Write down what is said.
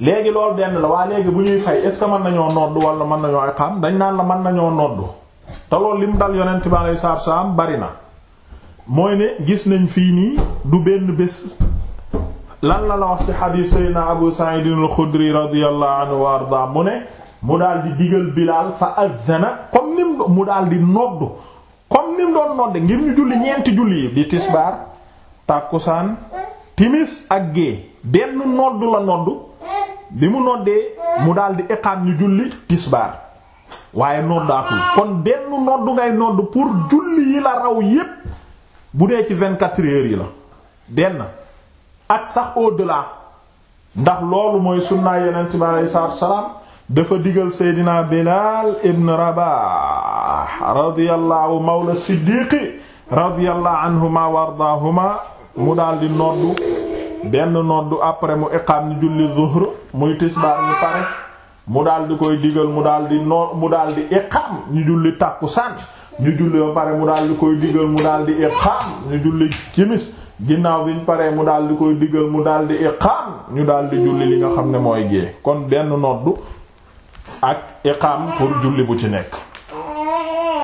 léegi loolu denn la waa léegi bu ñuy fay est ce que mën nañoo noddu wala mën nañoo iqaam dañ naan la mën nañoo noddu te loolu lim dal yonent bi alayhi salaatu salaam bari na mooy ne gis nañ fii nii du benn bés lan la la wax ci xadiis Seydina Abu Sa'id al-Khudri radiyallahu anhu mu ne mu daal di digal Bilaal fa azzana comme nim mu daal di noddu comme nim doon nodde ngir ñu julli ñeenti julli yi di tisbaar tàkkusaan timis ak gée benn noddu la noddu bi mu noddee mu daal di iqaam ñu julli tisbaar waaye noddaatul kon benn nodd ngay nodd pour julli yi la raw yépp bu dee ci vingt-quatre heures yi la benn ak sax au-delà ndax loolu mooy sunnaa yonent bi aleyhi salaatu dafa digal seydina Bilaal ibn Rabah radiyallahu mawla siddiqi radiyallahu anhuma wa mu daal di benn noddu après mu iqaam ni julli zuhr muy tisbaar ñu pare mu daal di koy digal mu daal di noor mu daal di ñu julli tàkkusaan ñu julli ba pare mu daal di koy digal mu daal di iqaam ñu julli timis ginnaaw biñ paree mu daal di koy digal mu daal di iqaam ñu daal di julli li nga xam ne mooy gée kon benn noddu ak iqaam pour julli bu ci nekk